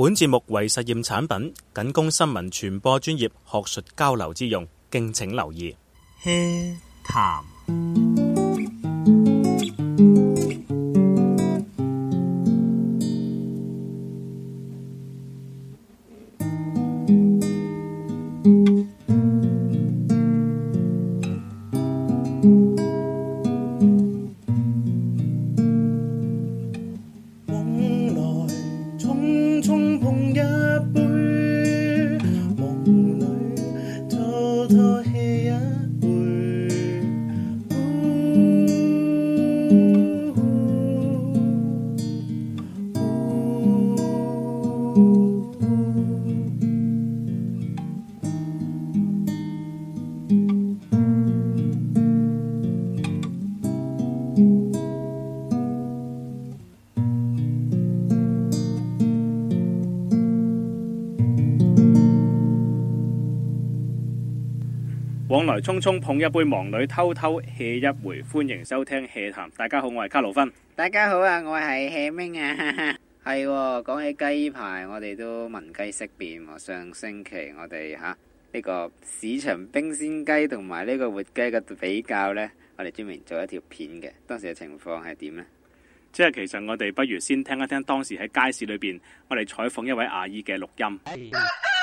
本節目為實驗產品，僅供新聞傳播專業學術交流之用，敬請留意。HEA 談匆匆捧一杯，忙裏偷偷 hea 一回。歡迎收聽 hea 談。大家好，我係卡路芬。大家好啊，我係 hea 明啊。係，講起雞排，我哋都聞雞識變。上星期我哋吓呢個市場冰鮮雞同埋呢個活雞嘅比較呢，我哋專門做一條片嘅。當時嘅情況係點呢？即係其實我哋不如先聽一聽當時喺街市裏邊，我哋採訪一位阿姨嘅錄音。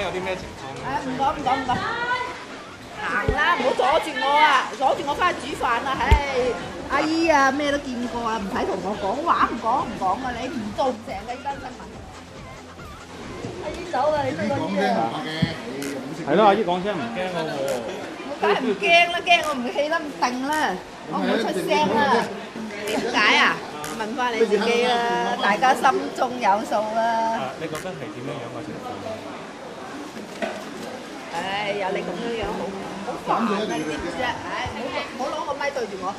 有啲咩情況？誒唔講唔講唔講，行啦，唔好阻住我啊！阻住我翻去煮飯啦！唉，阿姨啊，咩都見過啊，唔使同我講話，唔講唔講噶你，唔做唔成呢單新聞。阿姨走啦，你出去先啊！係咯，阿姨講聲唔驚咯喎。我梗係唔驚啦，驚我唔氣得唔定啦，我唔好出聲啦。點解啊？問翻你自己啦，大家心中有數啦。你覺得係點樣樣嘅情況？唉，有你咁樣樣，好好煩啊！你知唔知啊？唉，唔好攞個咪對住我。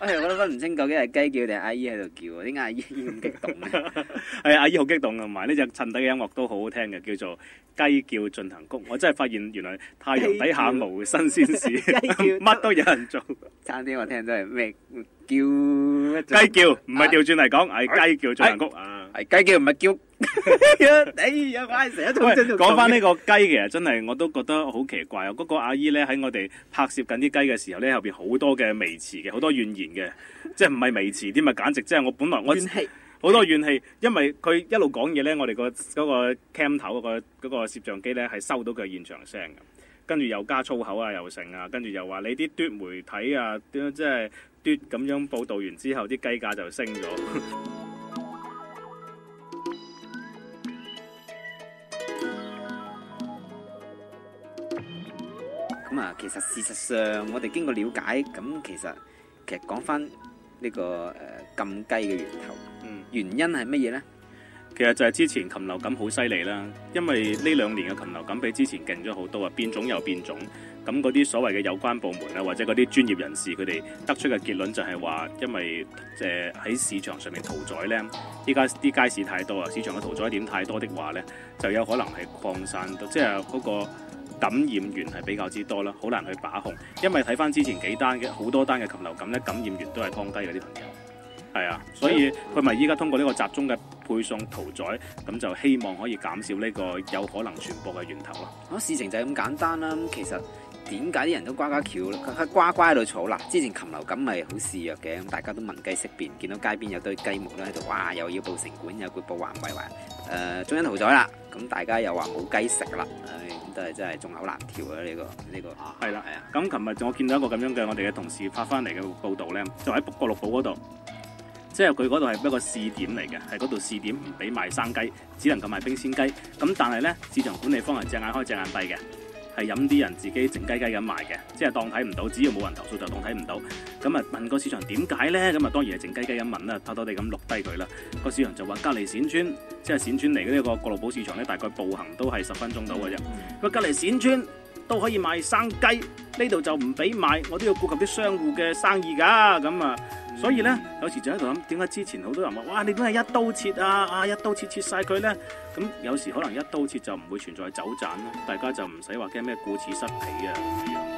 哎呀，我都分唔清究竟係雞叫定阿姨喺度叫啊！點解阿姨咁激動咧。係啊，阿姨好激動啊！同埋呢隻襯底嘅音樂都好好聽嘅，叫做《雞叫進行曲》。我真係發現原來太陽底下無新鮮事，乜都有人做。差啲我聽真係咩叫雞叫？唔係調轉嚟講，係雞叫進行曲啊！係雞叫，唔係叫。講翻呢個雞，嘅， 真係我都覺得好奇怪啊，哦！嗰、那個阿姨呢，喺我哋拍攝緊啲雞嘅時候呢，後邊好多嘅微詞嘅，好多怨言嘅， 即係唔係微詞添啊！簡直即係我本來我好多怨氣，因為佢一路講嘢呢，我哋個嗰、那個 cam 頭嗰個嗰個攝像機呢，係收到佢嘅現場聲，跟住又加粗口啊，又成啊，跟住又話你啲嘟媒體啊，即、就、係、是、嘟。咁樣報道完之後，啲雞價就升咗。 咁啊，其實事實上，我哋經過了解，咁其實其實講翻呢個誒、呃、禁雞嘅源頭，嗯、原因係乜嘢呢？其實就係之前禽流感好犀利啦，因為呢兩年嘅禽流感比之前勁咗好多啊，變種又變種。咁嗰啲所謂嘅有關部門咧，或者嗰啲專業人士佢哋得出嘅結論就係話，因為誒喺市場上面屠宰呢，依家啲街市太多啊，市場嘅屠宰點太多的話呢，就有可能係擴散到，即係嗰個。感染源係比較之多啦，好難去把控，因為睇翻之前幾單嘅好多單嘅禽流感咧，感染源都係劏雞嗰啲朋友，係啊，所以佢咪依家通過呢個集中嘅配送屠宰，咁就希望可以減少呢個有可能傳播嘅源頭咯、啊。事情就係咁簡單啦、啊。其實點解啲人都呱呱叫咧？佢係呱呱喺度嘈啦。之前禽流感咪好肆虐嘅，咁大家都聞雞識辨，見到街邊有堆雞毛咧喺度，哇，又要報城管，又要報環衞環。誒、呃，中央屠宰啦！咁大家又話冇雞食啦，咁都係真係眾口難調呀、啊。呢、呢個呢、呢個係啦係啊，咁琴日我見到一個咁樣嘅，我哋嘅同事發返嚟嘅報道呢，就喺博樂寶嗰度，即係佢嗰度係一個試點嚟嘅，喺嗰度試點唔俾賣生雞，只能夠賣冰鮮雞，咁但係呢市場管理方係隻眼開隻眼閉嘅。係飲啲人自己靜雞雞咁賣嘅，即係當睇唔到，只要冇人投訴就當睇唔到。咁啊問個市場點解呢？咁啊當然係靜雞雞咁問啦，偷偷哋咁錄低佢啦。個市場就話：隔離冼村，即係冼村嚟嘅呢個過樂寶市場呢，大概步行都係十分鐘到嘅啫。佢隔離冼村都可以賣生雞，呢度就唔俾賣，我都要顧及啲商戶嘅生意㗎。咁啊～所以呢，有時就喺度諗點解之前好多人話，哇！你點解一刀切啊？啊，一刀切切晒佢呢？咁有時可能一刀切就唔會存在走盞啦，大家就唔使話驚咩顧此失彼啊。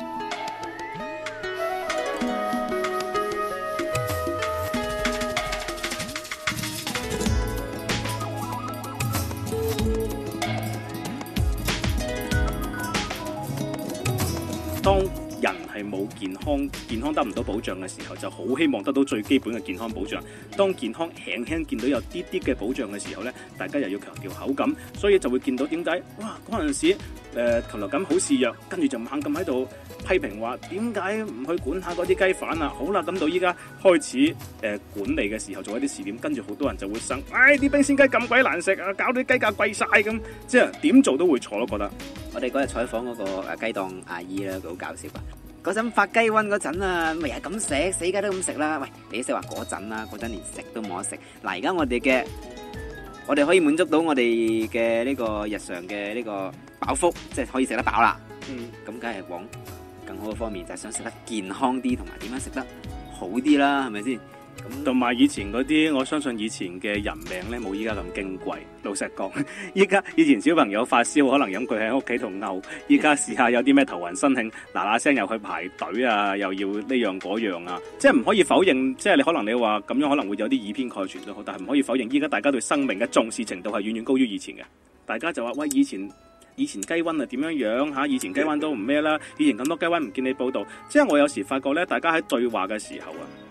冇健康，健康得唔到保障嘅時候，就好希望得到最基本嘅健康保障。當健康輕輕見到有啲啲嘅保障嘅時候呢，大家又要強調口感，所以就會見到點解哇嗰陣時誒禽，呃、流感好脆弱，跟住就猛咁喺度批評話點解唔去管下嗰啲雞販啊？好啦，等到依家開始誒，呃、管理嘅時候做一啲試點，跟住好多人就會生，唉，哎，啲冰鮮雞咁鬼難食啊，搞到啲雞價貴晒咁，即係點做都會錯咯。覺得我哋嗰日採訪嗰個誒雞檔阿姨咧，佢好搞笑啊！嗰陣發雞瘟嗰陣啊，咪又係咁食，死雞都咁食啦。喂，你食話嗰陣啦，嗰陣連食都冇得食。嗱，而家我哋嘅，我哋可以滿足到我哋嘅呢個日常嘅呢個飽腹，即係可以食得飽啦。嗯，咁梗係往更好嘅方面，就係想食得健康啲，同埋點樣食得好啲啦，係咪先？同埋以前嗰啲，我相信以前嘅人命呢冇依家咁矜貴。老實講，依家以前小朋友發燒可能飲佢喺屋企同嘔，依家試下有啲咩頭暈身慶，嗱嗱聲又去排隊啊，又要呢樣嗰樣啊，即係唔可以否認，即係你可能你話咁樣可能會有啲以偏概全都好，但係唔可以否認，依家大家對生命嘅重視程度係遠遠高於以前嘅。大家就話喂，以前以前雞瘟啊點樣樣吓，以前雞瘟都唔咩啦，以前咁多雞瘟唔見你報道，即係我有時發覺呢，大家喺對話嘅時候啊。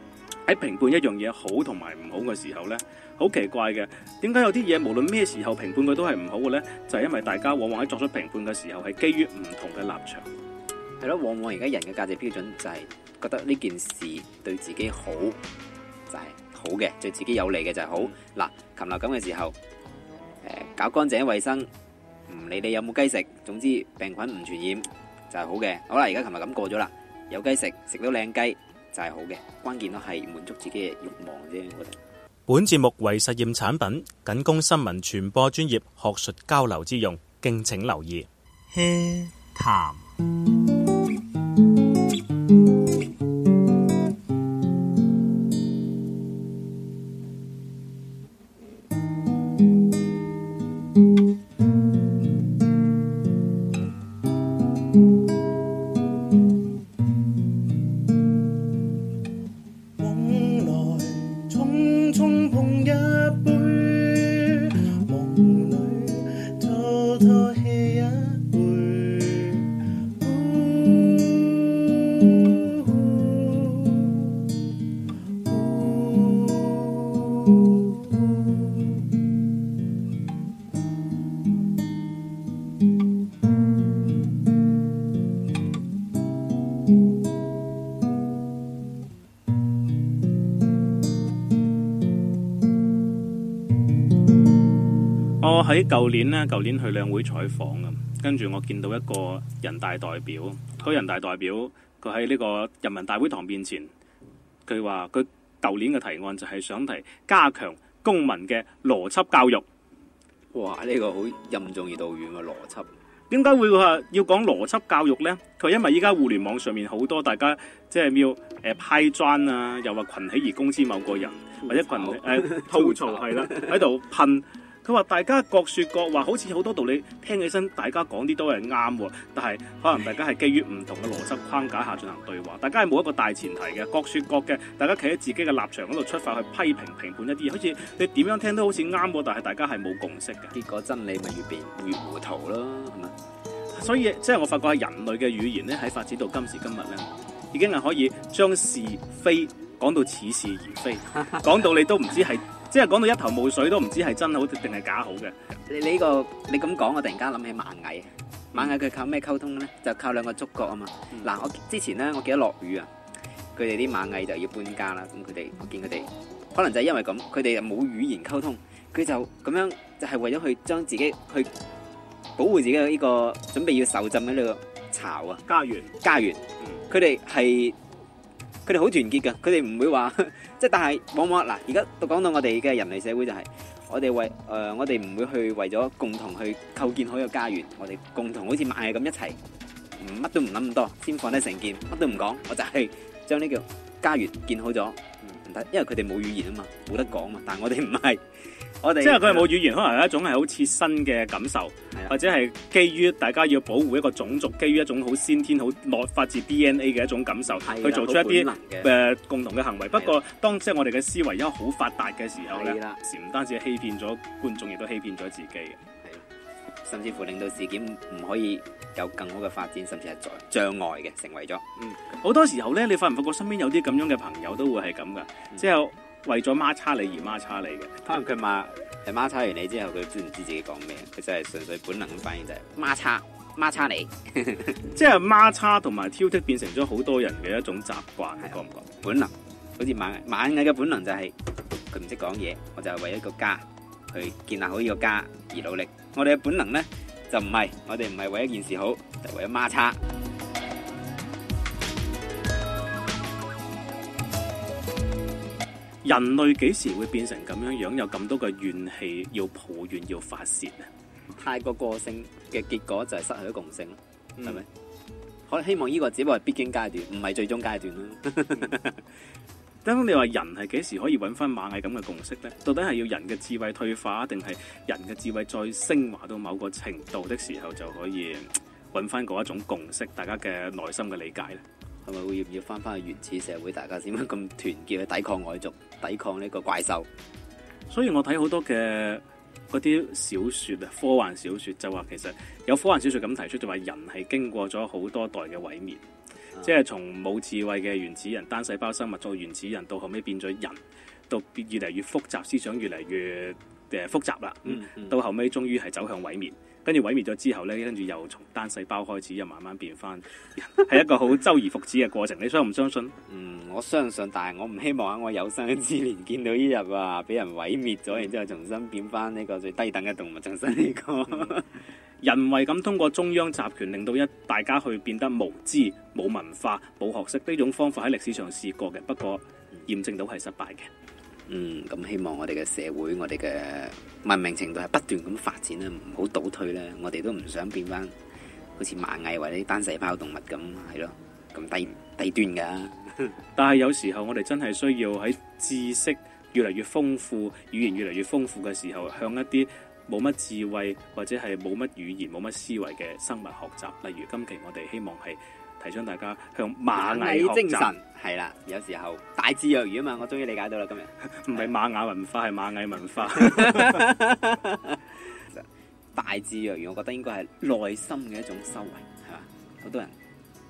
喺評判一樣嘢好同埋唔好嘅時候呢，好奇怪嘅，點解有啲嘢無論咩時候評判佢都係唔好嘅呢？就係、是、因為大家往往喺作出評判嘅時候係基於唔同嘅立場，係咯，往往而家人嘅價值標準就係覺得呢件事對自己好就係、是、好嘅，對自己有利嘅就係好。嗱，禽流感嘅時候，誒、嗯、搞乾淨衛生，唔理你有冇雞食，總之病菌唔傳染就係、是、好嘅。好啦，而家琴日咁過咗啦，有雞食，食到靚雞。就係、是、好嘅，關鍵都係滿足自己嘅欲望啫。我本節目為實驗產品，僅供新聞傳播專業學術交流之用，敬請留意。HEA 談。喺舊年呢，舊年去兩會採訪啊，跟住我見到一個人大代表，佢、那個、人大代表，佢喺呢個人民大會堂面前，佢話佢舊年嘅提案就係想提加強公民嘅邏輯教育。哇！呢、這個好任重而道遠嘅邏輯，點解會話要講邏輯教育呢？佢因為依家互聯網上面好多大家即係要誒派磚啊，又話群起而攻之某個人，或者群吐、呃、槽係啦，喺度噴。佢話：大家各説各話，好似好多道理聽起身，大家講啲都係啱，但係可能大家係基於唔同嘅邏輯框架下進行對話，大家係冇一個大前提嘅，各説各嘅，大家企喺自己嘅立場嗰度出發去批評評判一啲嘢，好似你點樣聽都好似啱，但係大家係冇共識嘅。結果真理咪越變越糊塗咯，係嘛？所以即係、就是、我發覺人類嘅語言咧喺發展到今時今日咧，已經係可以將是非講到似是而非，講到你都唔知係。即係講到一頭霧水，都唔知係真好定係假好嘅。你呢、呢個你咁講，我突然間諗起螞蟻啊！螞蟻佢靠咩溝通嘅咧？就靠兩個觸角啊嘛。嗱、嗯，我之前咧，我記得落雨啊，佢哋啲螞蟻就要搬家啦。咁佢哋，我見佢哋可能就係因為咁，佢哋又冇語言溝通，佢就咁樣就係、是、為咗去將自己去保護自己嘅呢、呢個準備要受浸嘅呢個巢啊家園家園。佢哋係佢哋好團結嘅，佢哋唔會話。即係，但係往往嗱，而家講到我哋嘅人類社會就係、是，我哋為誒、呃，我哋唔會去為咗共同去構建好一個家園，我哋共同好似螞蟻咁一齊，乜都唔諗咁多，先放低成件，乜都唔講，我就係將呢個家園建好咗，唔、嗯、得，因為佢哋冇語言啊嘛，冇得講啊嘛，但係我哋唔係。我哋即係佢係冇語言，是可能是一種係好似新嘅感受，是或者係基於大家要保護一個種族，基於一種好先天好內發自 DNA 嘅一種感受，去做出一啲誒、呃、共同嘅行為的。不過當即係我哋嘅思維因為好發達嘅時候咧，唔單止欺騙咗觀眾，亦都欺騙咗自己嘅。甚至乎令到事件唔可以有更好嘅發展，甚至係障礙嘅、嗯，成為咗。好、嗯、多時候呢，你發唔發覺身邊有啲咁樣嘅朋友都會係咁㗎，即、嗯、係。為咗孖叉你而孖叉你嘅，可能佢罵，係孖叉完你之後佢知唔知自己講咩，佢就係純粹本能咁反應就係孖叉孖叉你，即係孖叉同埋挑剔變成咗好多人嘅一種習慣，覺唔覺？本能，好似螞蟻螞蟻嘅本能就係佢唔識講嘢，我就係為一個家去建立好呢個家而努力。我哋嘅本能咧就唔係，我哋唔係為一件事好，就是，為咗孖叉。人類幾時會變成咁樣樣？有咁多嘅怨氣，要抱怨，要發洩啊！太過個性嘅結果就係失去咗共性，係、嗯、咪？可希望呢個只不過係必經階段，唔係最終階段啦。咁、嗯、 你話人係幾時可以搵翻螞蟻咁嘅共識呢？到底係要人嘅智慧退化，定係人嘅智慧再昇華到某個程度的時候就可以搵翻嗰一種共識？大家嘅內心嘅理解呢？係咪會要唔要翻翻去原始社會？大家點樣咁團結去抵抗外族？抵抗呢個怪獸，所以我睇好多嘅嗰啲小說啊，科幻小說就話，其實有科幻小說咁提出，就話人係經過咗好多代嘅毀滅，啊、即係從冇智慧嘅原始人、單細胞生物做原始人，到後尾變咗人，到越嚟越複雜，思想越嚟越誒複雜啦、嗯嗯嗯，到後尾終於係走向毀滅。跟住毀滅咗之後呢，跟住又從單細胞開始，又慢慢變翻，係 一個好周而復始嘅過程。你相唔相信？嗯，我相信，但係我唔希望喺我有生之年見到呢日啊，俾人毀滅咗，然之後重新變翻呢個最低等嘅動物重生呢、這個。嗯、 人為咁通過中央集權令到一大家去變得無知、冇文化、冇學識，呢種方法喺歷史上試過嘅，不過驗證到係失敗嘅。嗯，咁希望我哋嘅社會，我哋嘅文明程度係不斷咁發展啦，唔好倒退啦。我哋都唔想變翻好似螞蟻或者單細胞動物咁，係咯，咁低低端㗎。 但係有時候我哋真係需要喺知識越嚟越豐富，語言越嚟越豐富嘅時候，向一啲冇乜智慧或者係冇乜語言、冇乜思維嘅生物學習。例如今期我哋希望係，提倡大家向螞蟻學習精神。係啦。有時候大智若愚啊嘛，我終於理解到啦。今日唔係瑪雅文化，係螞蟻文化。 大智若愚，我覺得應該係內心嘅一種修為，係嘛？好多人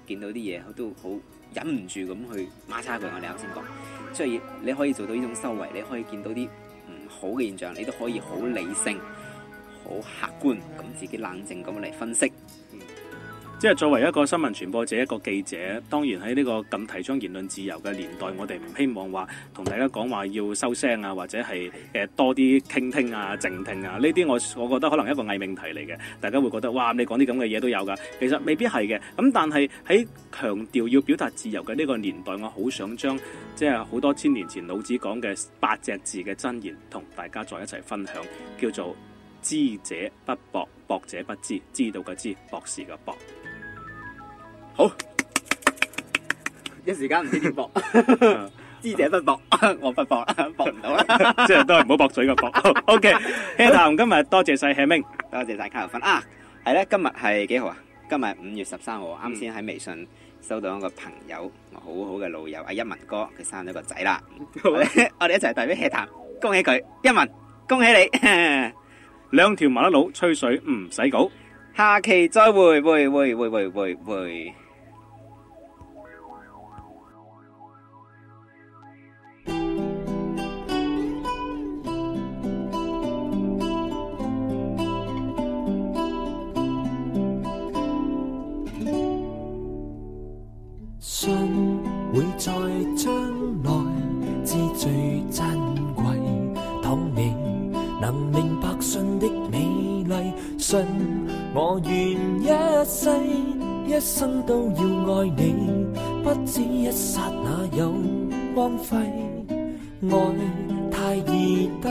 見到啲嘢，都好忍唔住咁去孖叉佢。我哋啱先講，即係你可以做到呢種修為，你可以見到啲唔好嘅現象，你都可以好理性、好客觀咁，自己冷靜咁嚟分析。嗯即係作為一個新聞傳播者，一個記者，當然喺呢個咁提倡言論自由嘅年代，我哋唔希望話同大家講話要收聲啊，或者係、呃、多啲傾聽啊、靜聽啊，呢啲我我覺得可能是一個偽命題嚟嘅。大家會覺得哇，你講啲咁嘅嘢都有㗎，其實未必係嘅。咁但係喺強調要表達自由嘅呢個年代，我好想將即係好多千年前老子講嘅八隻字嘅真言，同大家再一齊分享，叫做知者不博，博者不知。知道嘅知，博士嘅博。好，一時間唔知點博，知者不博，我不博，博唔到啦。即係都係唔好駁嘴個駁。O K，HEA 談今日多謝細命，多謝大家嘅分。啊，係咧，今日係幾號啊？今日五月十三號。啱先喺微信收到一個朋友，我好好嘅老友阿一文哥，佢生咗個仔啦。好，我哋一齊代表 HEA 談恭喜佢，一文恭喜你。兩條麻甩佬吹水唔使稿，下期再會會會會會會會。生都要愛你，不止一剎那有光輝？愛太易得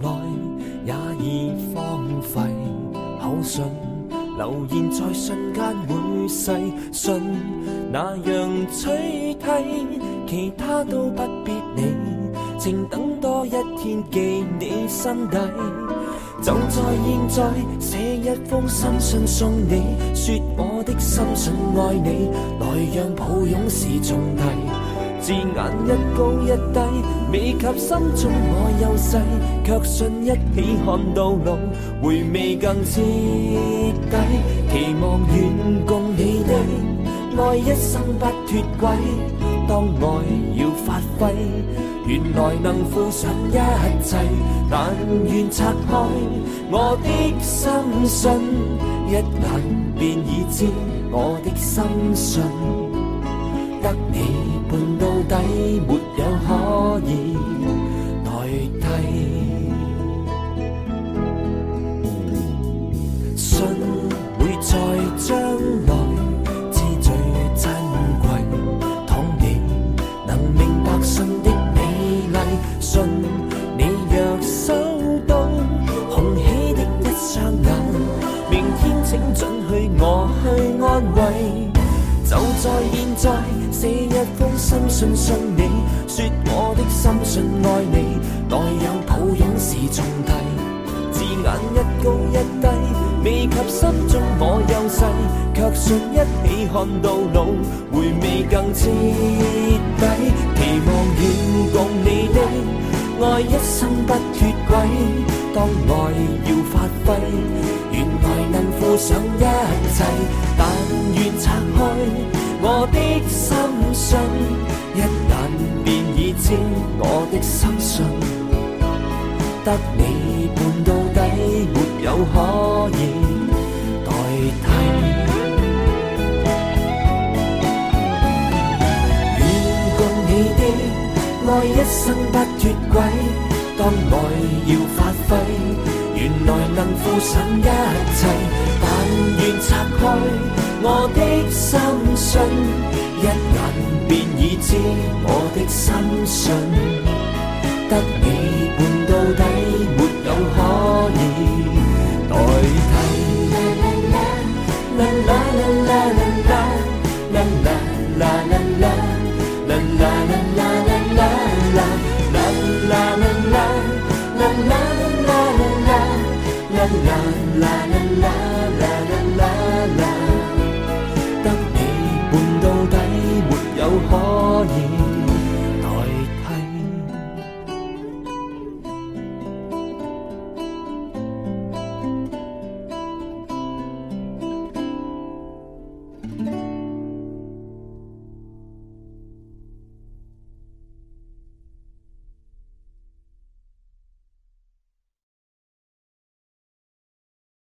來，也易荒廢。口信留言在瞬間會細信哪樣取替？其他都不必，你請等多一天記你心底。就在現在，寫一封心信送你，說我的心信愛你，來讓抱擁時重提。字眼一高一低，未及心中我優勢，卻信一起看到老，回味更徹底。期望願共你的愛，一生不脫軌。當愛要發揮，原來能付上一切。但願拆開我的相信，一眼便已知我的心信，得你伴到底沒有可以。我去安慰，就在現在，寫一封心信送你，說我的心信愛你，待有抱擁時重提，字眼一高一低，未及心中我幼細，卻想一起看到老，回味更徹底，期望願共你的。愛一生不脫軌，當愛要發揮，原來能負上一切。但願拆開我的心碎，一眼便已知我的心碎，得你伴到底，沒有可以。愛一生不脫軌，當愛要發揮，原來能負上一切。但願拆開我的心信，一眼便已知我的心信，得你伴到底，沒有可以代替。